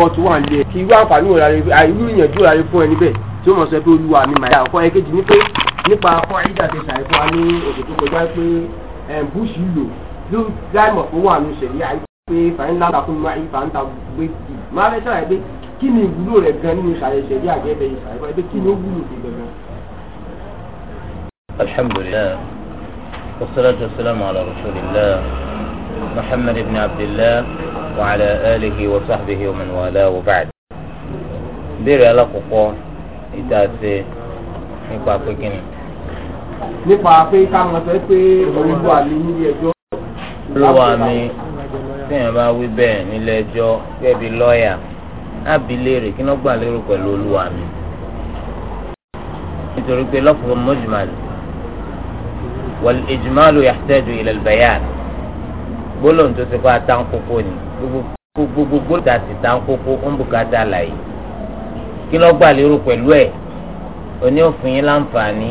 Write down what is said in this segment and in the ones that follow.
kóòtù wà nílé kí irú àǹfààní wò rárẹ irú ìyànjú rárẹ fún ẹ níbẹ̀ tí ó mọ̀ sọ pé olúwa mi màá ọkọ ẹ̀kejì ní pé nípa fún ayédàdé ṣàìfọ́ ní òkè tó kọjá pé eh, bush lò ló dáìmọ̀ fún wà ní ìṣẹ̀lẹ̀ fàyínlá ta fún mi fàyínlá gbé tì máa fẹ́ sọ̀rọ̀ pé kí ni ìwúlò rẹ̀ gan nínú ìṣàlẹ̀ ìṣẹ̀lẹ̀ àgẹ́bẹ̀ ìṣàlẹ̀ pé وعلى آله وصحبه ومن والاه وبعد ìbéèrè alákọ̀ọ́kọ́ ìta ṣe nípa pé kíni. nípa pé káwọn sọ pé olùwà mi nílé ẹjọ́. olùwà mi tíyẹn bá wí bẹ́ẹ̀ nílé ẹjọ́ gẹ́bí lọ́ọ̀yà ábìlérè kí wọ́n gbà lérò pẹ̀lú olùwà mi. nítorí pé lafz mujmal wal ijmalu yahtaju ila al bayan gbólóhùn tó ti kọ́ atánkókó ni gbogbo gbólóhùn tó ti tánkókó ń bùkátà láàyè kí ló gbà lérò pẹ̀lú ẹ̀ oní òfin yín láǹfààní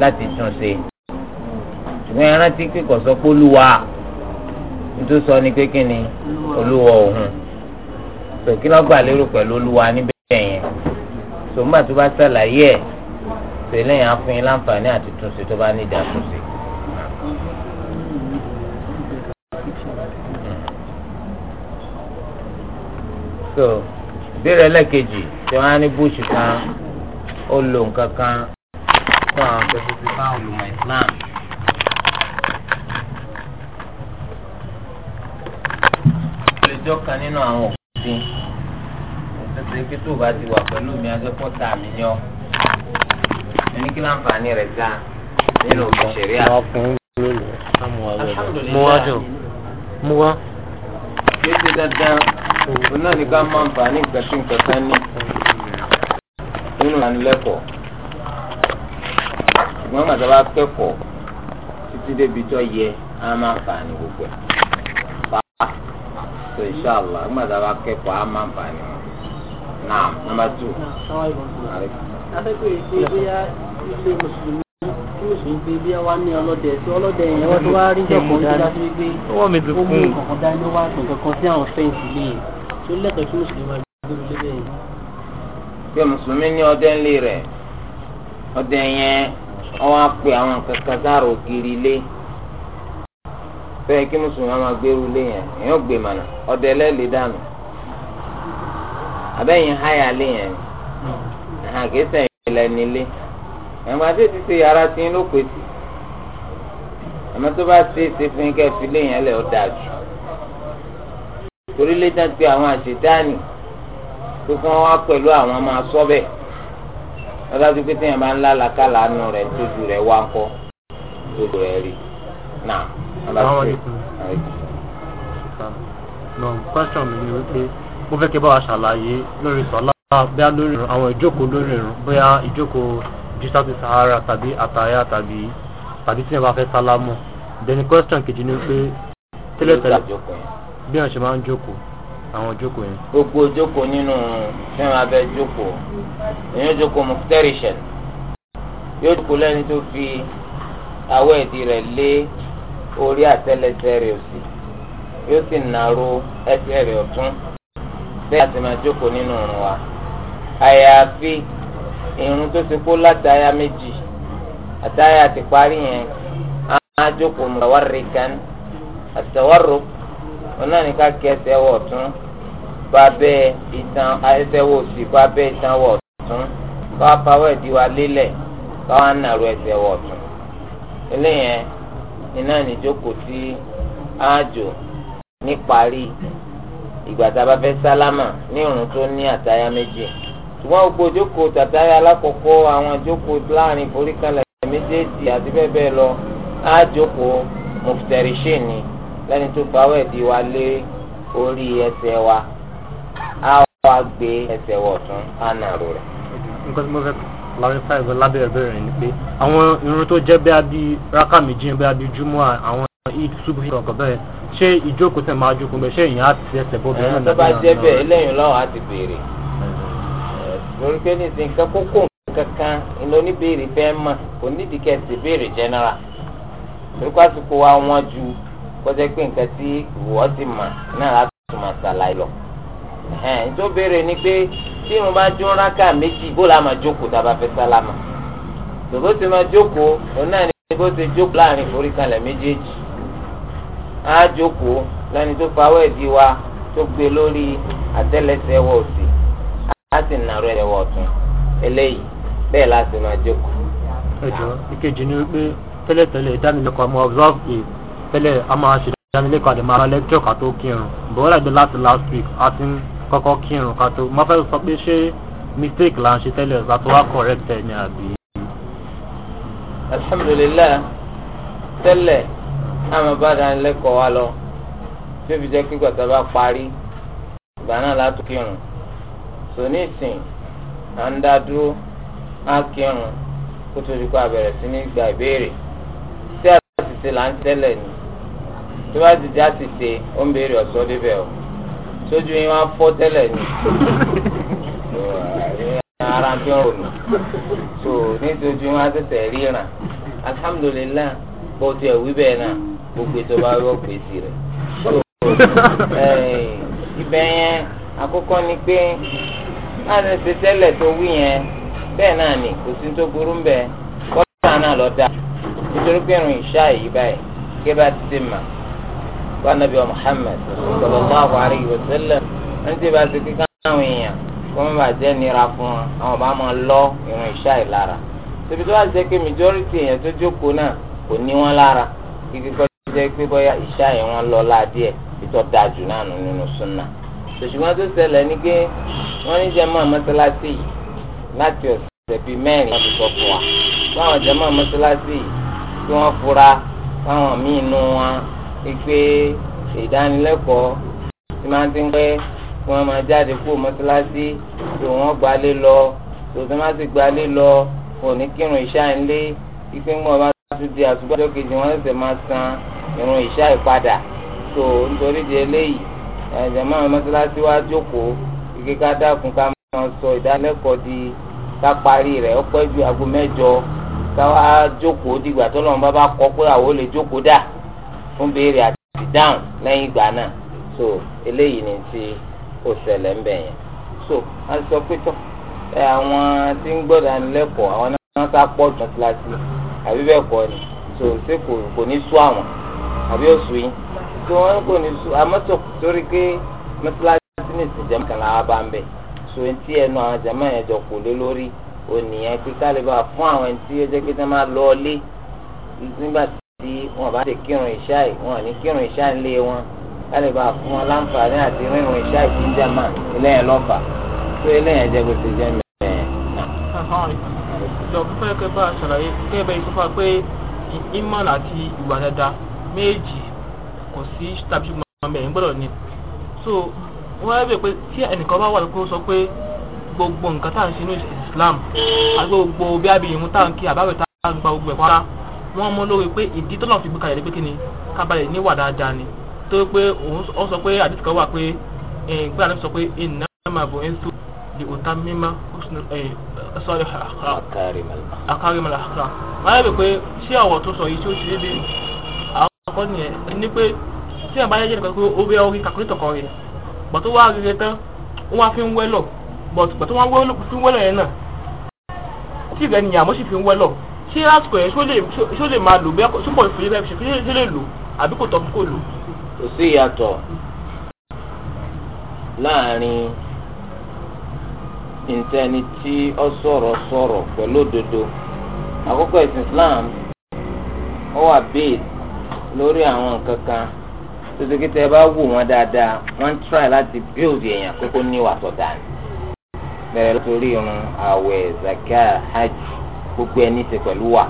láti tún ṣe ṣùgbọ́n ẹ rántí pé kò sọ pé olúwa nítorí sọ ni pé kí ni olúwa òun tó kí ló gbà lérò pẹ̀lú olúwa níbẹ̀ yẹn tòun bá tó bá ṣàlàyé ẹ̀ tẹ̀lé yẹn á fún yín láǹfààní àti túnṣe tó bá ní ìdàtúnṣe. so ìbéèrè ẹlẹ́kejì tí wọ́n á ní bush kan ó lo nǹkan kan fún àwọn pẹ̀lú ti bá olùmọ̀ Islam. ìjọ kan nínú àwọn òkùnkùn òṣèṣe pé tó bá ti wà pẹ̀lú mi akẹ́kọ̀ọ́ tá a mi yọ ẹni kí láǹfààní rẹ̀ dáa nínú òfin ṣẹ̀ríà. alhamdulilayi wá. kí ó ṣe òun náà ní ká máa ń bà ní nǹkan tí nǹkan kan ní nínú ìdánilẹ́kọ̀ọ́ ṣùgbọ́n màtá bá kẹ́kọ̀ọ́ títí débi tó yẹ á máa ń bà ní gbogbo ẹ̀ pàápàá so inṣàlá màtá bá kẹ́kọ̀ọ́ á máa ń bà ní wọn. naam number two. afẹ́kọ̀ọ́ èyí pé bóyá ilé mùsùlùmí kí mùsùlùmí pé bí wàá ní ọlọ́dẹ tí ọlọ́dẹ yẹn wọ́n tó wá rí jọ̀kan tó dá sí pé ó mú nǹkan kan dání wá nǹkan kan sí àwọn fẹ́ǹsì lẹ́yìn. tó lẹ́tọ̀ọ́ pé mùsùlùmí ní ọdẹ ọdẹ yẹn wọ́n á àwọn nǹkan kí mùsùlùmí máa gbérú ilé yẹn èèyàn gbé mànà ọdẹ lẹ́lẹ̀ lé yẹn ìlẹ̀ nílé ẹ̀gbọ́n àti ètí yàrá tí ń lò pé bá ṣe fún lé yẹn torí lẹ́tà pé àwọn àṣetáàní tó fún wa pẹ̀lú àwọn máa sọ bẹ́ẹ̀ lọ́dájú pé téèyàn bá ń lá làkàlà nù rẹ̀ tójú rẹ̀ wá ń kọ́ tójú rẹ̀ rí náà aláṣẹ. nọ question mi ni wípé mo fẹ́ kí bá wa ṣàlàyé lórí sọ́lá bóyá lórí àwọn ìjókòó lórí ìrùn bóyá ìjókòó jísàtì sahara tàbí àtàyà tàbí tàbí tí wọ́n bá fẹ́ sálámù then question kejì ni pé tẹ́lẹ̀tẹ́lẹ̀ bí wọ́n ṣe máa ń jókòó àwọn jókòó yẹn. gbogbo jókòó nínú fíìmù abẹ jókòó èyí jókòó muftarishal yóò jókòó lẹ́ni tó fi awọ ẹ̀dì rẹ̀ lé orí àtẹ́lẹsẹ̀ rẹ̀ òsì yóò sì nàró ẹsẹ̀ rẹ̀ ọ̀tún bẹ́ẹ̀ àti máa jókòó nínú ọ̀run wa. àyàfi irun tó ti kó látàyà méjì àtàyà ti parí yẹn á jókòó mutawarrikan àtàwárò wọn náà ní ká kí ẹsẹ̀ wọ̀ ọ̀tún bá bẹ́ẹ̀ ìtàn ẹsẹ̀ wọ̀ òsì bá bẹ́ẹ̀ ìtàn wọ̀ ọ̀tún káwá pawọ́ ẹ̀dí wa lélẹ̀ káwá nàró ẹsẹ̀ wọ̀ ọ̀tún eléyẹn iná níjókòó tí ájò níparí ìgbà tá a bá fẹ́ sálámà ní ìrun tó ní àtayá méjì ṣùgbọ́n gbogbo ìjókòó tàtayá alákọ̀ọ́kọ́ àwọn ìjókòó láàrin ìforíkalẹ̀ méjèèjì àti bẹ́ẹ̀ bẹ́ẹ̀ lọ ájòkòó muftarishin ni lẹ́ni tó fawọ́ ẹ̀dí wa lé orí ẹsẹ̀ wa á wá gbé ẹsẹ̀ wọ̀ tún á nà rò rẹ̀. nǹkan tí mo fẹ́ clarify ìwé lábẹ́ ìbéèrè rẹ̀ ni pé àwọn irun tó jẹ́ bí abí rákà méjì bí abí júmọ́ àwọn eid subu hit ọ̀kọ̀ bẹ́ẹ̀ ṣé ìjókòó tẹ̀ máa jókòó bẹ́ẹ̀ ṣé èèyàn á ti ẹsẹ̀ bọ́ bẹ́ẹ̀ náà. tó bá jẹ́ bẹ́ẹ̀ eléyìí lọ́wọ́ á ti béèrè lórí pé nísìnyí nǹkan kókó kankan lóníbèrè fẹ́ mọ̀ kò nídìí kẹ́sì béèrè general torí pásítọ̀ wa wọ́n ju kọjá pé nǹkan tí ìwọ ti mà náà láti tún máa ṣàlàyé lọ. ẹ̀ẹ́n tó béèrè ni pé tí irun bá dún rákà méjì bó la máa jókòó tá a bá fẹ́ sálámà. tòbó ti máa jókòó òun náà ni bó ti jókòó láàrin ìforíkalẹ̀ méjèèjì. á jókòó lẹ́ni tó fawọ́ ẹ̀dí wa tó gbé lórí àtẹ́lẹsẹ̀ ẹwọ́ òsì á sì nàró ẹ̀wọ̀ ọ̀tún eléyìí bẹ́ẹ̀ láti máa jókòó. ẹ̀jọ̀ ìkejì ni wípé tẹ́lẹ̀tẹ́lẹ̀ ìdánilẹ́kọ̀ọ́ tẹ́lẹ̀ a máa ṣe ìdánilẹ́kọ̀ọ́ àdèmọ́ ara lẹ́kítọ̀ ká tó kírun bọ́ọ̀lá ìgbẹ́ láti last week a ti ń kọ́kọ́ kírun ká tó mo fẹ́ sọ pé ṣé mistake la ń ṣe tẹ́lẹ̀ láti wá correct ẹ̀ eh, ní àbí. alhamdulilayi tẹ́lẹ̀ àmọ́ bá dánilẹ́kọ̀ọ́ wa lọ tí ó fi jẹ́ kígbà tá a bá parí ìgbà náà láti kírun sòní ìsìn à ń dá dúró á kírun kó tó di kó a bẹ̀rẹ̀ sí ní gba ìbéèrè tí a ti ṣe là ń tẹ́lẹ̀ ni tó bá ti já ti ṣe ó ń béèrè ọ̀sọ́ débẹ̀ o sójú yín wá fọ́ tẹ́lẹ̀ ni ara ń fi ọ̀rọ̀ nù so nítorí wọn á tẹ̀sẹ̀ ríran alhamdulilayi bó ti ẹ̀ wí bẹ́ẹ̀ náà gbogbo ètò bá yọ pèsè rẹ̀ so ibẹ̀ yẹn àkọ́kọ́ ni pé láti ṣe tẹ́lẹ̀ tó wí yẹn bẹ́ẹ̀ náà ni kò sí tó burú ń bẹ̀ kọ́ńtà náà lọ́ọ́ dà nítorí pé irun ìṣá yìí báyìí kí bá ti ṣe mà wa nabi wa muhammed sallallahu alayhi wa sallam wọn ti bá ti kíkà àwọn èèyàn kó wọn bá jẹ nira fún wọn àwọn bá máa lọ ìrìn ìṣá ìlara tóbi tó bá jẹ pé majority èèyàn tó jókòó náà kò ní wọn lára kíkí kọ́ jẹ́ pé bóyá ìṣá yẹn wọn lọ ládìẹ ìtọ́ da jù náà nù nínú súnà ṣùgbọ́n tó ṣẹlẹ̀ ni pé wọ́n ní jẹ́mọ́ mọ́sálásí yìí láti ọ̀sẹ̀ bíi mẹ́rin wọ́n ti sọ fún wa báwọn jẹ́mọ́ mọ́sálásí yìí tí wọ́n fura báwọn míì nù wọn pé ìdánilẹ́kọ̀ọ́ tí máa ti ń pẹ́ kí wọ́n máa jáde kúrò mọ́tíláṣí tó wọ́n gba lé lọ tó tó má ti gba lé lọ kò ní kírun ìṣá ń lé ipe ń bọ̀ bá tún di àtúgbọ́dọ̀ kejì wọ́n ṣẹ̀ṣẹ̀ máa san irun ìṣá ìpadà tó nítorí di eléyìí ẹ̀jẹ̀ máa mọ́tíláṣí wá jókòó ike ká dákun ká máa sọ ìdánilẹ́kọ̀ọ́ di ká parí rẹ̀ ó pẹ́ ju aago mẹ́jọ ká wá jókòó dìgbà tó lọ́n bá bá kọ́ pé àwọn ó béèrè àti dáhùn lẹ́yìn ìgbà náà so eléyìí ni ti ó ṣẹlẹ̀ ń bẹ̀ yẹn so a sọ pé tọ́ ẹ àwọn tí ń gbọ́dọ̀ ànilẹ́kọ̀ọ́ àwọn náà sá pọ̀ jù kíláàsì àbí bẹ́ẹ̀ kọ́ ni so ṣé kò kò ní sú àwọn àbí ó sú yín so wọn kò ní sú àmọ́ tó torí pé mọ́tíláṣí ní ìsìn jẹ́mọ́ kan làwọn bá ń bẹ̀ so etí ẹnu àwọn jẹ́mọ́ yẹn jọ kò lé lórí ònìyàn pé kálíbà fún àwọn ẹni tí ó jẹ́ pé tí wọ́n máa lọ ọlé nígbà tí tí wọn bá lè kírun ìṣá yìí wọn ní kírun ìṣá ńlé wọn kálí bá fún wọn láǹfààní àti rírun ìṣá yìí ń jẹma eléyẹn lọ́fà tó eléyẹn jẹ gbèsè jẹ mẹ́rin. ìjọba fẹ́ kẹ́ bá a ṣàlàyé kẹ́ bẹ́ẹ̀ sọ fún wa pé iman àti ìwà dáadáa méjì kò sí tàbí ṣùgbọ́n mẹ́rin gbọ́dọ̀ ni. so wọ́n á bẹ̀ pé tí ẹnìkan bá wà lóko sọ pé gbogbo nǹkan tá à ń ṣe ní Islam àti gbogbo bí abiyamọ tá à ń kí àbáwẹ̀ tá à ń gba gbogbo ẹ̀ pátá wọ́n mú lórí pé ìdí tó lọ́n fi gbé kalẹ̀ ní pé kí ni kábàlẹ̀ níwà dáadáa ni tó yẹ pé ó sọ pé àdìsí kan wà pé gbé àdìsí sọ pé iná máa bọ̀ ẹ́ tó di òtá mímá sọ́ọ́rì àkárí màlá àkàrà wọ́n yẹ pé ṣé ọ̀rọ̀ tó sọ yìí tí ó ti rí bí àwọn ọkọ nìyẹn ni pé tí ẹ̀ bá yẹ jẹ́ nìkan pé ó bí ọrí kàkúrẹ́tọ̀ kan rẹ̀ bọ̀ tó wá rere tán wọ́n á fi ń wẹ́lọ̀ bọ̀ tó wọ́n fi ń wẹ́lọ̀ yẹn náà tí ìrẹ́nìyàn àmọ́ sì fi ń wẹ́lọ̀ ṣé àsìkò yẹn ṣó lè máa lò bẹ́ẹ̀ ṣó pọ̀ ní fòye fẹ́ ṣe lè lò àbí kò tọ́ kó lò. kò sí ìyàtọ̀ láàrin ìtẹni tí ó sọ̀rọ̀ sọ̀rọ̀ pẹ̀lú òdodo àkókò ẹ̀sìn Islam ó wà bẹ́ẹ̀ lórí àwọn nǹkan kan tètè tẹ bá wò wọn dáadáa wọn ń try láti build èèyàn kókó ní ìwà sọ̀dà bẹ̀rẹ̀ látòrí irun àwẹ̀ zakat hajj gbogbo ẹni ṣe pẹ̀lú wà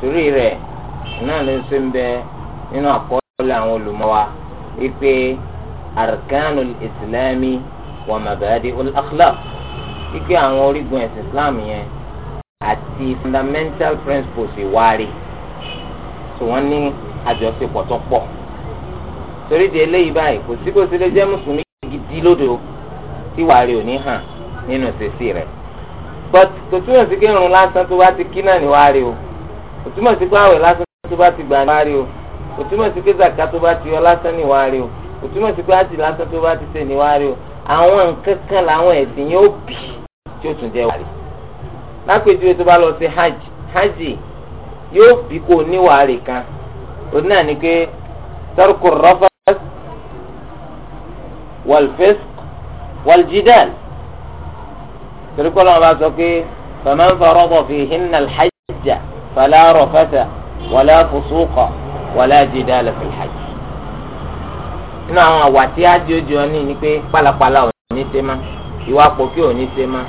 torí rẹ̀ náà ló ṣe ń bẹ nínú àkọọ́lẹ̀ àwọn olùmọ̀ wa wípé arkanul islami wa mabadi'ul akhlaq wípé àwọn orígun ẹ̀sìn islam yẹn àti fundamental principles ìwárí tí wọ́n ní àjọṣepọ̀ tó pọ̀ torí di eléyìí báyìí kò sí kò sí lè jẹ́ mùsùlùmí gidi lódò tí wàá rí òní hàn nínú ìṣesí rẹ̀ but kò túmọ̀ sí pé irun lásán tó bá ti kí náà ní wàá rí o kò túmọ̀ sí pé àwẹ̀ lásán tó bá ti gbà ní wàá rí o kò túmọ̀ sí pé zaka tó bá ti yọ lásán ní wàá rí o kò túmọ̀ sí pé àti lásán tó bá ti ṣe ní wàá rí o àwọn nǹkan kan làwọn ẹ̀sìn yóò bì tí ó tún jẹ́ wàá rí lápèjúwe tó bá lọ sí hajj hajj yóò bí kó ní wàá rí kan òun náà ni pé tarku rafas wal fisq wal jidal torí kọ́ lọ́wọ́ bá sọ pé faman farada fihinna al-hajja fala rafata wala fusuqa wala jidala fil hajj. nínú àwọn àwà tí á di ojú ọní ni pé pálapàla ò ní ṣe má ìwà pòkí ò ní ṣe má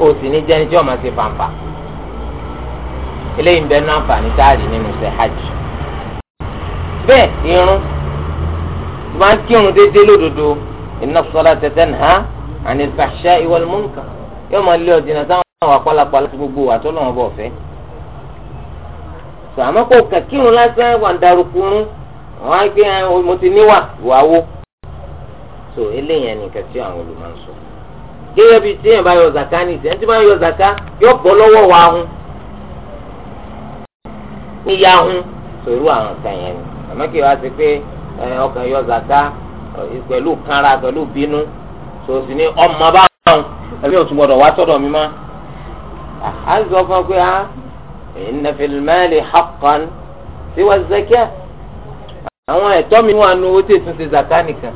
o sì ní jẹ́ni tí ọmọ ṣe fàǹfà. eléyìí bẹ náà fà ní nínú ṣe hajj. bẹ́ẹ̀ irun tí wọ́n kírun déédéé lódodo inna as-salata tanha 'anil fahsha'i wal munkar yóò máa lé ọ̀dìnà táwọn wà pálapàla tó gbogbo wà tó lọ́wọ́ bọ̀ fẹ́. sọ àmọ́ kò kàkírun lásán wà ń darukunrun wọn á gbé mo ti níwà wà wó. sọ eléyàn nìkan tí àwọn olùmọ̀ ń sọ. gẹ́gẹ́ bíi tí èèyàn bá yọ zaka ní ìsẹ́ tí wọ́n yọ zaka yóò bọ́ lọ́wọ́ wa hun. ní ya hun sòrú àwọn kan yẹn ni àmọ́ kí wàá ti pé ọkàn yọ zaka pẹ̀lú kanra pẹ̀lú bínú sòsì ní ọmọ bá ọ̀hún ẹbí ò tún gbọdọ̀ wá sọ́dọ̀ mi má. a ń sọ fún ọ pé a inna fil mali haqqan siwa zakia àwọn ẹ̀tọ́ mi wà nù owó tí ètò ti zaka nìkan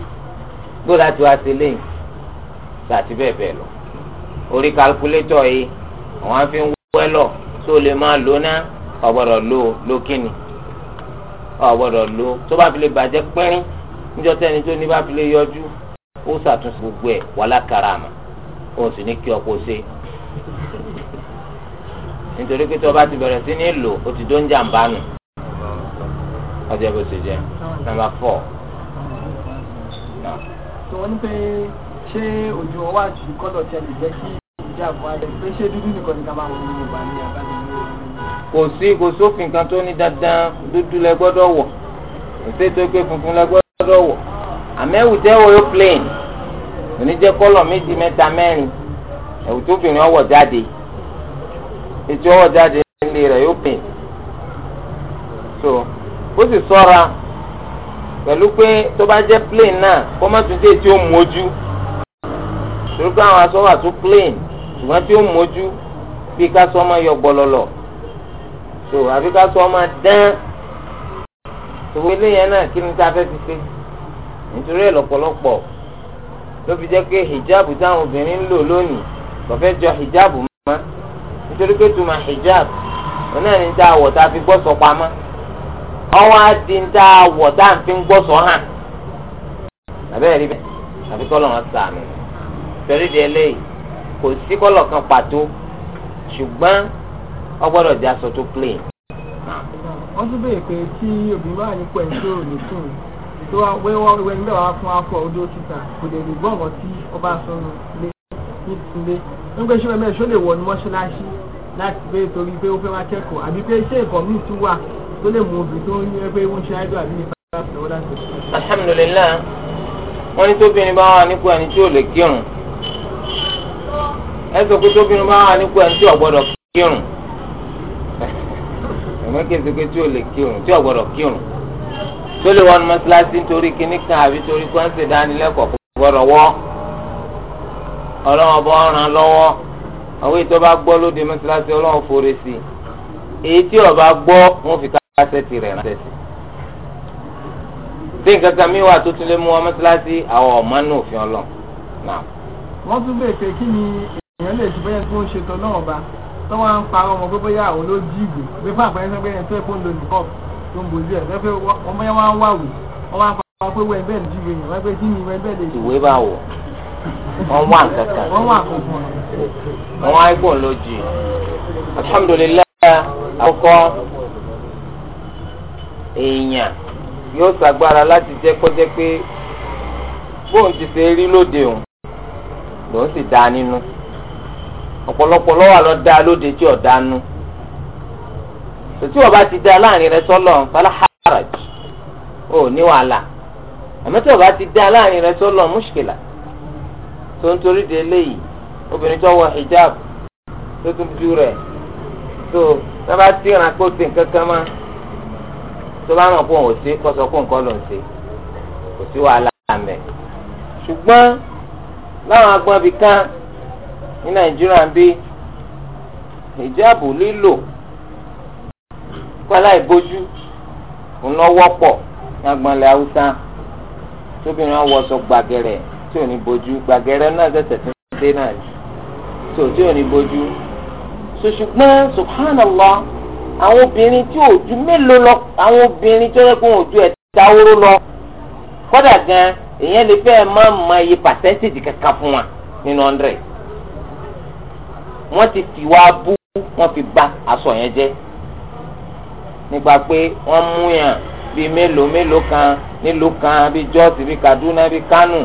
gbọ́dọ̀ àti wá sí lẹ́yìn àti bẹ́ẹ̀ bẹ́ẹ̀ lọ orí kalkulétọ̀ yìí àwọn afi ń wẹ́lọ̀ tó lè máa lò náà ọ̀gbọ́dọ̀ lò ló kíni ọ̀gbọ́dọ̀ lò tó bá fi lè bàjẹ́ pẹ́rín níjọ́ tẹ́ni tó ní bá fi lè yọjú ó ṣàtúnṣe gbogbo ẹ̀ wàlá karama o sì ní kí ọ kó ṣe nítorí pé tí ọba ti bẹ̀rẹ̀ sí ní lò ó ti dó ń jàǹbá nù ọjọ́ bó ṣe jẹ́ nàmbà fọ́. sọ wọn pé ṣé ojú ọwọ́ àti kọ́lọ̀ tí a lè jẹ́ kí ìjà àbọ̀ alẹ́ pé ṣé dúdú nìkan ní ká máa wọ ní yorùbá ní abájọ kò sí kò sófin kan tó ní dandan dúdú lẹ gbọ́dọ̀ wọ̀ kò sí ètò ìpè funfun lẹ gbọ́dọ̀ wọ̀ àmẹ́wù tẹ́wọ̀ yóò plain oníjẹ kọlọ méjì mẹ́ta mẹ́rin ẹ̀wù tó bìnrin ọwọ́ jáde ètò ọwọ́ jáde nílé rẹ̀ yóò pè so ó sì ṣọ́ra pẹ̀lú pé tó bá jẹ́ plane náà kó má tún dé tí ó mójú torí pé àwọn aṣọ wà tó plane ṣùgbọ́n tí ó mójú bí ká sọ ọmọ yọ gbọlọlọ so àbí ká sọ ọmọ dán tòwé lẹ́yìn náà kí ni tá a fẹ́ fi ṣe nítorí ẹ̀ lọ́pọ̀lọpọ̀. ló fi jẹ́ pé hijab táwọn obìnrin ń lò lónìí kò jọ hijab mọ́ nítorí pé tuma hijab òun náà ní tá a tá fi gbọ́sọ pamọ́ ọwọ́ á di tá a fi ń gbọ́sọ hàn àbẹ́rẹ́ rí bẹ́ẹ̀ àfi kọ́ lọ́wọ́ sàmì torí di eléyìí kan pàtó ṣùgbọ́n di aṣọ tó plain. wọ́n tún pé obìnrin bá tó wá wẹ́ wọ́n wẹ́ níbẹ̀ wá fún afọ odó títà kò lè lè gbọ́ngàn tí ọba sọnù lé ní ilé nígbà ṣé bẹ́ẹ̀ ṣó lè wọ̀ ní mọ́ṣáláṣí láti pé torí pé ó fẹ́ wá kẹ́kọ̀ọ́ àbí pé ṣé nǹkan míì tún wà tó lè mú obì tó ń yẹ pé wọ́n ṣe áìdọ̀ àbí nípa ìfẹ́ wọ́n láti. alhamdulillah wọn ní tóbìnrin bá wà nípò ẹni tí ò lè kírun ẹ sọ pé tóbìnrin bá wà nípò ẹni tí ò gbọ́dọ̀ kírun ẹ̀mọ́ kí n sọ pé tí ò lè kírun tí ò kírun tó lè wọ́n mọ́ṣáláṣí nítorí kíní kan àbí torí kí wọ́n ṣe dánilẹ́kọ̀ọ́ kó gbọ́dọ̀ wọ́ ọlọ́wọ́n bọ́ ràn lọ́wọ́ àwọn ètò bá gbọ́ lóde mọ́ṣáláṣí ọlọ́wọ́n forí sí i èyí tí ọba gbọ́ wọn fi kásẹ̀tì rẹ̀ ránṣẹ́ sí i. tí nǹkan kan mi wà tó tún lè mú wọn mọ́ṣáláṣí àwọn ọ̀mọ́ náà òfin ọlọ́run náà. wọ́n tún bèèrè pé kí ni èèyàn lè ṣe bẹ́ẹ̀ tó ń ṣètò náà ọba tó wọ́n ń parọ́ ọmọ pé bóyá òun ló jí ìgbè bí fún àpẹẹrẹ sọ pé ẹni tó ẹ̀kọ́ ń lo nìkọ́ọ̀bù tó ń bojú ẹ̀ pé ọmọ yẹn wá ń wà wò wọ́n wá ń fa pé wẹ́n bẹ́ẹ̀ jí wẹ́n wọ́n pé kí ni wẹ́n bẹ́ẹ̀ lè ṣe. ìwé bá wọ̀ wọ́n wà kankan wọ́n wà kankan wọ́n wá ipò lójì alhamdulilayi àkọ́kọ́ èèyàn yóò ṣàgbára láti jẹ́ kọ́jẹ́ pé bóun ti ṣe rí lóde òun lòun sì dá nínú ọ̀pọ̀lọpọ̀ lọ́wọ́ àlọ́ dá lóde tí ò dá tí wọ́n bá ti dá láàrin rẹ sọ́lọ̀ fala haraj ó ní wàhálà àmọ́ tí wọ́n bá ti dá láàrin rẹ sọ́lọ̀ mushkila tó ń torí de eléyìí obìnrin tó wọ hijab tó tún ju rẹ̀ tó tó bá ti ràn kó sí nǹkan kan mọ́ tó bá ràn kó òun sí kó sọ kó nǹkan ló ń ṣe kò sí wàhálà àmẹ́ ṣùgbọ́n láwọn agbọ́n bíi kan ní nàìjíríà ń bí hijab lílò kọ́lá ìbòjú ńlọ wọ́pọ̀ lágbọ̀nlẹ̀ haúsá tóbìnrin awọ́sọ gbàgẹ̀rẹ̀ tí ò ní bòjú gbàgẹ̀rẹ̀ náà tẹ̀sẹ̀ tí wọ́n dé náà tó tí ò ní bòjú. ṣùṣùgbọ́n subhanallah àwọn obìnrin tí òjú mélòó lọ àwọn obìnrin tó yẹ kó òjú ẹ̀ dáwóró lọ kọ́dà gan èèyàn lè fẹ́ máa ma iye pàṣẹ́ntèjì kankan fún wa nínú hundred wọ́n ti fìwà bú wọ́n fi ba aṣọ yẹn jẹ́ nípa pé wọ́n mú yàn bíi mélòó mélòó kan nílùú kan bíi jọ́ọ̀sì bíi kaduna bíi kánò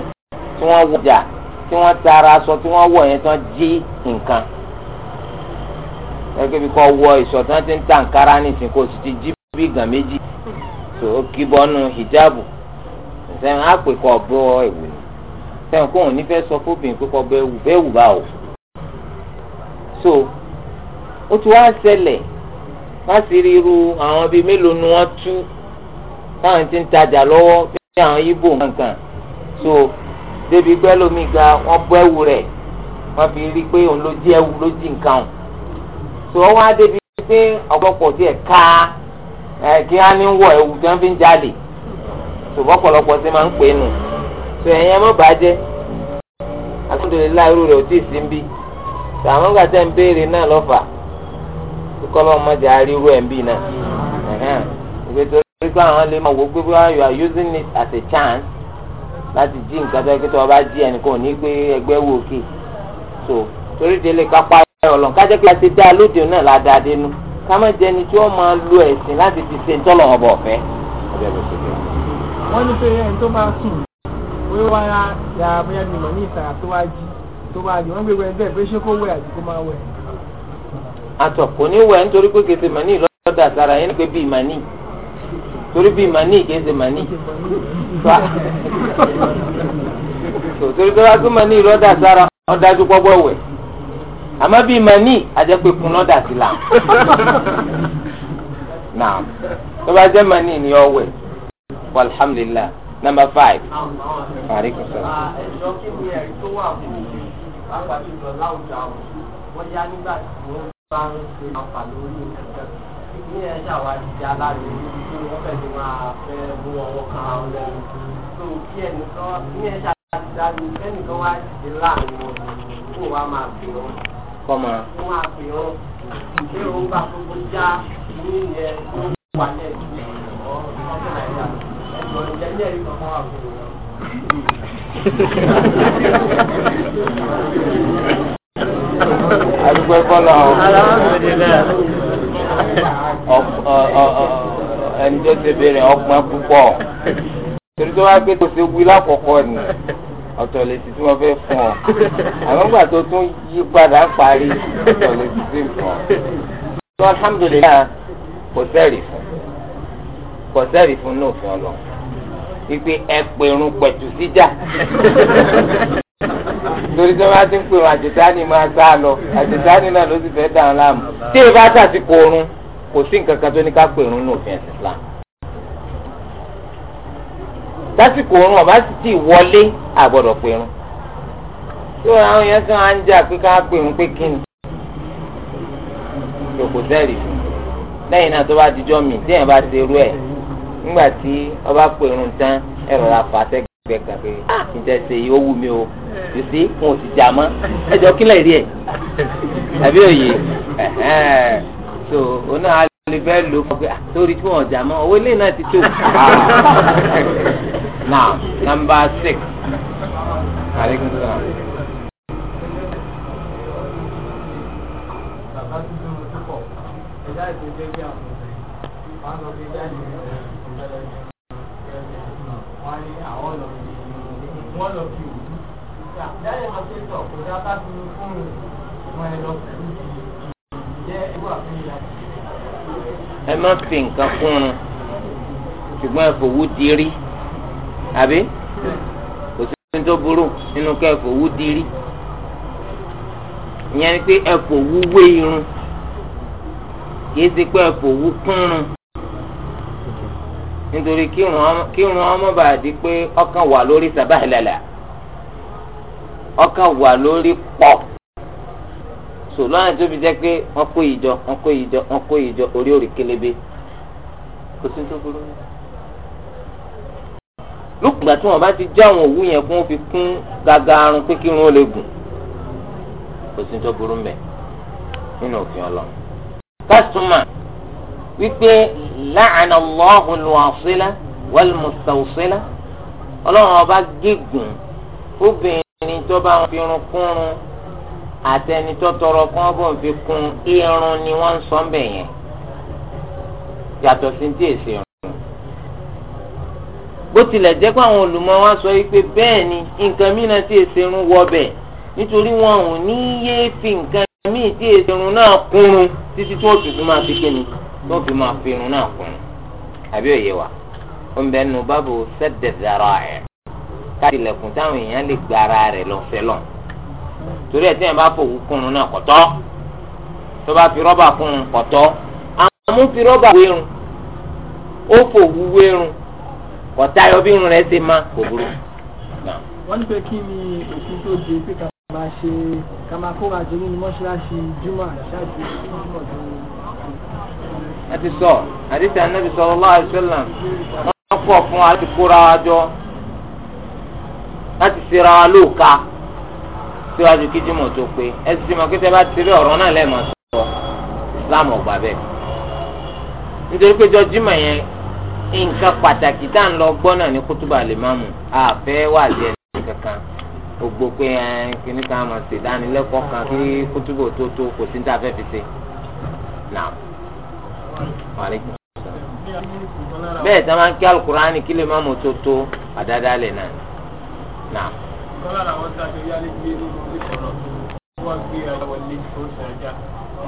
tí wọ́n wọ tí wọ́n tara aṣọ tí wọ́n wọ̀ yẹn tán jí nǹkan. ẹgbẹ́ bíi kọ́ wọ ìṣọ̀ tí wọ́n ti ń ta nkárá nìsín kó sì ti jí bí gàn méjì tó o kí bọ́nu hijabu sẹ́yìn á pè kọ́ bọ́ ẹ̀wù ni sẹ́yìn kóhùn nífẹ̀ẹ́ sọ fóbìnrin pé kọ́ bẹ́ẹ̀ wù bá o. so ó ti wá ṣẹlẹ̀ wọ́n sì rí irú àwọn bíi mélòó ni wọ́n tú táwọn ti ń tajà lọ́wọ́ bí àwọn ibo nǹkan so débi gbẹ́lómi ga wọ́n bọ́ ẹ̀wù rẹ̀ wọ́n fi rí i pé òun ló jí ẹ̀wù ló jí nǹkan so wọ́n wá débi pé ọ̀pọ̀pọ̀ tí ẹ̀ ká ẹ̀ kí á ní wọ ẹ̀wù tí wọ́n fi ń jalè so bọ́pọ̀lọpọ̀ ti máa ń pè é nù so ẹ̀yin ẹ̀ mọ́ bàjẹ́ àtúndò lè láìrú rẹ̀ ò tí sí ń bí sàmúgbà tẹ́ ń béèrè náà lọ́fà kọ́lọ́ ọmọdé aríwú ẹ̀ ń bì náà ìgbésẹ̀ orí pé àwọn lè máa wò pé you are using it as a chance láti jí nǹkan tó yẹ kí tó o bá jí ẹnìkan ò ní gbé ẹgbẹ́ wò kè so torí délé kápá ọlọ́run kájẹ́ pé a ti dá lóde náà la dénú ká má jẹ́ ẹni tí wọ́n máa lo ẹ̀sìn láti fi ṣe ńtọ́lọ̀ ọba ọ̀fẹ́. wọ́n ní pé ẹni tó bá sùn wíwá wáyà bóyá ni mọ̀ ní ìsàrà tó wá jí tó wá jí wọ́n gbé wẹ̀ bẹ́ẹ̀ pé ṣé kó wẹ̀ àti kó wẹ̀ àtọ̀ kò ní wẹ̀ nítorí pé kèsè màní lọ́dọ̀ àtàrà yẹn pé bíi màní torí bíi màní kèsè màní fa torí tó bá tún màní lọ́dọ̀ àtàrà ọ̀dájú gbọ́gbọ́ wẹ̀ àmọ́ bíi màní àjẹpẹ́ kun lọ́dọ̀ àtìlà naam tó bá jẹ́ màní ni ọ wẹ̀ alhamdulilah number five. àríkù sọ̀rọ̀. ẹ̀ṣọ́ bá ń ṣe àpà lórí ẹ̀kẹ́ ní ẹ̀ ṣàwádìí di aláàrẹ̀ níbi tí wọ́n fẹ́ ti máa fẹ́ mú ọwọ́ kan àwọn lẹ́nu tó kí ẹnìkan ní ẹ̀ ṣàwádìí dájú ẹnìkan wá dìde láàrin wọn kó wa máa pè wọn. kọ́mọ. wọ́n máa pè wọn ṣé òun bá gbogbo já ní ìyẹn tó wà ní ẹ̀jẹ̀ ọ̀sán náírà ẹ̀jọ̀ ìjẹ́ ní ẹ̀rí kankan wà fún wọn àdúgbò kọlọ ẹni tó ti bèrè ọgbọ́n púpọ̀ torí tó wá pé kò sí wí lákọ̀ọ́kọ́ ni ọ̀tọ̀ lè ti tí wọ́n fẹ́ fún ọ àwọn ìgbà tó tún yí padà parí ọ̀tọ̀ lè ti tí fún ọ. tó alhamdulilayi kò sẹ́rì fún kò sẹ́rì fún náà fún ọ lọ wípé ẹ pẹ̀tù síjà nítorí tí wọ́n bá ti ń pè wọ́n àjẹsáni máa gbá a lọ àjẹsáni náà ló sì fẹ́ dà án láàmú tí ìbá sàtìkò oorun kò sí nǹkan kan tó ní ká pè oorun ní òfin ẹ̀sìn Islam sásìkò oorun ọba sì ti wọlé àgbọ̀dọ̀ pè oorun tí àwọn yẹn sọ à ń jà pé ká pè oorun pé kí ni kò sẹ́ẹ̀lì fún lẹ́yìn náà tó bá dijọ́ mi tí èèyàn bá ti rú ẹ̀ nígbà tí ọba pè oorun tán ẹ̀rọ la fà sẹ́gbẹ̀ẹ́ bẹ́ẹ̀ kan pé ǹjẹ́ ṣe yìí ó wù mí o yìí sí wọn ò sì jà mọ́ ẹjọ́ kílẹ̀ rí ẹ̀ àbí òye so oná alẹ́ fẹ́ lò fún pé torí ah, tí wọn ò jà mọ́ owó ilé náà ti tó. now number six. Alaikum one of you jáde lọ sí ìtọ̀ kò dá bá ti fún ìmọ̀ ẹ lọ pẹ̀lú ìjẹ́ irú àfihàn. ẹ má fi nǹkan kún un ṣùgbọ́n ẹ fòwú di rí àbí kò sí tó burú nínú ká ẹ fòwú di rí ìyẹn ni pé ẹ fòwú wé irun kì í ṣe pé ẹ fòwú kúnrun nítorí kírun ọmọ bá di pé ọkàn wà lórí sàbáhìlàlà ọkàn wà lórí pọ̀ sòlọ́ àti tóbi jẹ́ pé wọ́n kó ìjọ wọ́n kó ìjọ wọ́n kó ìjọ orí orí kélébé kò sí tó burú ní. lùgbà tí wọ́n bá ti já àwọn òwú yẹn kó wọ́n fi kún gàgà arun pé kírun ó lè gùn kò sí tó burú mbẹ nínú òfin Ọlọ́run. kásùmà wípé láàánà lọ́hùn lùwàsílá wàlmùsàwùsílá ọlọ́run ọba gígùn obìnrin tó bá fi irun kúrun àtẹni tó tọrọ kún ọbọ̀ fi kún irun ni wọ́n ń sọ ń bẹ̀ yẹn yàtọ̀ sí ti èsì irun. bó tilẹ̀ jẹ́ pé àwọn olùmọ̀ wa sọ wípé bẹ́ẹ̀ ni nǹkan mìíràn ti èsì irun wọ bẹ̀ nítorí wọn ò ní yéé fi nǹkan mìíràn ti èsì irun náà kúrun títí tó tùtù máa fi kéde tó fi máa fi irun náà kùn àbí òye wa ó ń bẹ nu báàbò sẹ́dẹ̀dára ẹ̀ káàdì ilẹ̀kùn táwọn èèyàn lè gba ara rẹ̀ lọ fẹ́lọ̀ torí ẹ̀ tí yẹn bá fòwú kùnrùn náà kọ̀tọ́ tó bá fi rọ́bà kùn kọ̀tọ́ àmú fi rọ́bà wérun ó fòwú wérun kọ̀tá ayọ̀ bí irun rẹ̀ ṣe má kò burú. wọ́n ní pé kí ni òfin tó di pé ká máa ṣe ká mọ́ṣáláṣí júmọ̀ àṣáájú júmọ̀ àti sọ àdìsí anabi sallallahu alaihi wasallam wọn kọ fún wa láti kóra wa jọ láti ṣera wa lóòka síwájú kí Jímọ̀ tó pé ẹ sì mọ̀ pé tẹ bá ti rí ọ̀rọ̀ náà lẹẹmọ sọ Islam ọgbà bẹ́ẹ̀ nítorí pé jọ Jímọ̀ yẹn nǹkan pàtàkì tá à ń lọ gbọ́ náà ní kútùbà lè má mú àfẹ́ wà jẹ kankan gbogbo pé ẹ kíní kan mọ̀ sí ìdánilẹ́kọ̀ọ́ kan kí kútùbà tó tó kò sí ní tá a fẹ́ fi ṣe náà bẹ́ẹ̀ tí a máa ń kí alukurani kí lè má mú tó tó àdáadáa lè nà. Nà. kọ́lá làwọn tá a ṣe yálé gbé nínú ilé sọ̀rọ̀ tó wá gbé ara wọlé tó ń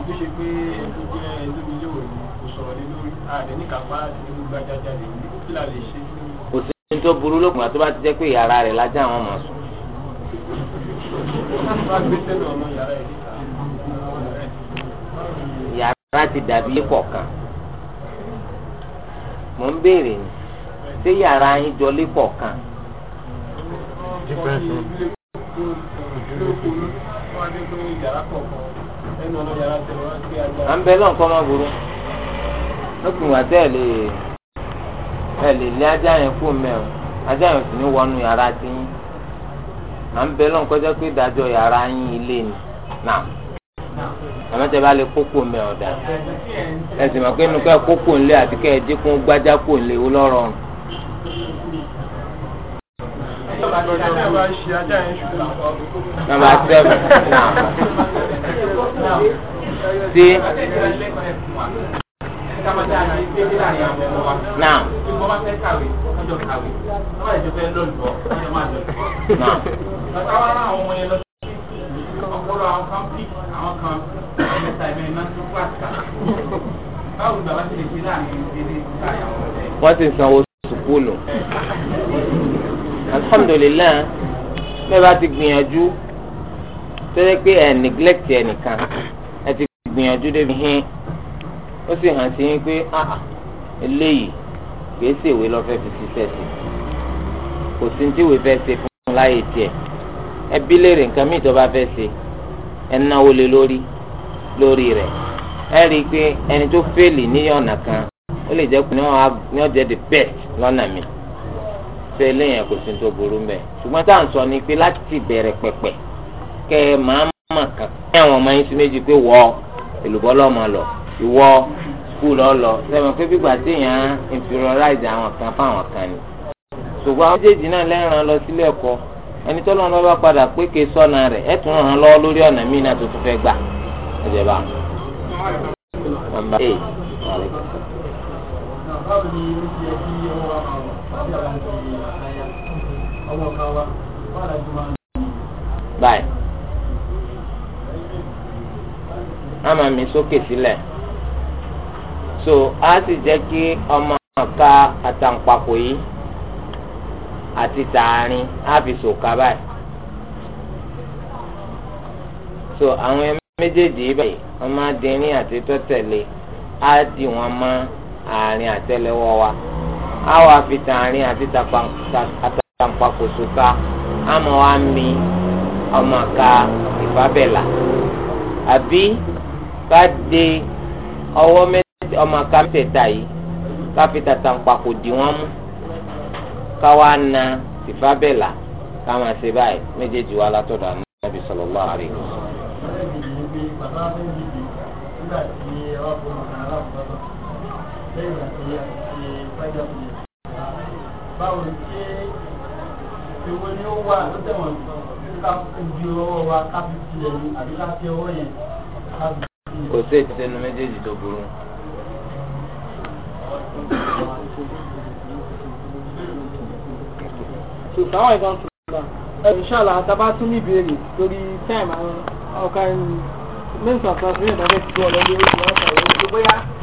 ìdí ṣe pé ẹni jẹ́ ẹni yóò kò sọ̀rọ̀ nínú ààrẹ ní kápá àti nínú gbájájá rẹ̀ ní kí la lè ṣe. kò sí ní tó burú lókun àti bá ti jẹ́ pé yàrá rẹ̀ lájà àwọn mọ̀ sùn. yàrá ti dàbí kọ̀ọ̀kan. mo ń béèrè ni ṣé yàrá yín jọlé kan. à ń bẹ lọ́n kọ́ máa burú lókùn wà tẹ́ ẹ̀ lè ẹ̀ lè lé ajá yẹn kú mẹ́rin ajá yẹn sì ní wọnú yàrá tí yín à ń bẹ lọ́n kọjá pé ìdájọ́ àmọ́ tẹ́ bá lè kókó mi ọ̀dà ẹ sì mọ̀ pé inú ká kókó ńlẹ̀ àti ká ẹ dínkù gbájá kò lè wó lọ́rọ̀ ọ̀hún. nọ́mbà sẹ́fù sí. Naam. Naam lọ́rọ̀ àwọn kan pí àwọn kan mẹ́ta ìmẹ́rin náà tún wà ká báwo ni bàbá ti lè ṣe láàrin ìdílé ìtayàwó rẹ̀. wọ́n ti sanwó sùkúlù alhamdulilayi bẹ́ẹ̀ bá ti gbìyànjú tẹ́lẹ̀ pé ẹ̀ neglect ẹnìkan ẹ ti gbìyànjú débi hín ó sì hàn sí yín pé ah, eléyìí kìí ṣèwé lọ́fẹ́ fi ṣiṣẹ́ sí kò sí ní tí ìwé fẹ́ ṣe fún un láyé tiẹ̀ ẹbí léèrè nǹkan míì bá fẹ́ ṣe ẹnáwó lé lórí lórí rẹ̀ ẹ rí i pé ẹni tó fẹ́lì ní ọ̀nà kan ó lè jẹ́ pé ní wọ́n jẹ́ the best lọ́nà mi ṣe eléyàn kò sí tó burú mẹ́ ṣùgbọ́n tá à ń sọ ni pé láti bẹ̀rẹ̀ pẹ̀pẹ̀ kẹ́ ẹ máa mọ̀ kàn kí àwọn ọmọ yín sí méjì pé wọ́ èlùbọ́ lọ́mọ lọ ìwọ skul ọlọ sẹ́wọ̀n pé gbígbà téèyàn inferiorize àwọn kan fáwọn kan ni ṣùgbọ́n àwọn méjèèjì náà lẹ́ràn lọ sílé ẹ̀kọ́ ẹni tó lọ́nà bá padà pé ké sọ́nà rẹ̀ ẹ̀ tún ràn án lọ́wọ́ lórí ọ̀nà míì náà fẹ́ gbà bá. báyìí mi sókè sílẹ̀ so a sì jẹ́ kí ọmọ àtàǹpàkò yìí. àti tààrin á fi sòkà báyìí. so àwọn ẹ̀mí méjèèjì báyìí ọmọdéní àti tọ́tẹ̀lé á di wọn mọ́ àárín àtẹ́lẹwọ́ wa á wá fi tààrin àti tàpàkò sòkà á mọ̀ wá mi ọmọ ká ìfábẹ́là àbí ká de ọwọ́ mẹ́tẹ̀ẹ̀ta yìí ká fi tàtàǹpàkò dì wọ́n mú káwa na ìfábẹ́là ká máa ṣe báyìí méjèèjì wa látọ̀dọ̀ ànábì sallallahu alaihi wasallam. báwo ṣe èwo ni ó wà ló tẹ̀wọ̀n ká kò sí ètò ẹnu méjèèjì tó burú so táwọn ìbọn tó gbà ẹ inshallah àtàbá tún ní ìbéèrè lórí time àwọn ọkàn mẹ́sàn-án tó ń bá fẹ́ ti gbọ́ ọ̀rọ̀ lórí ìwọ̀n àtàwọn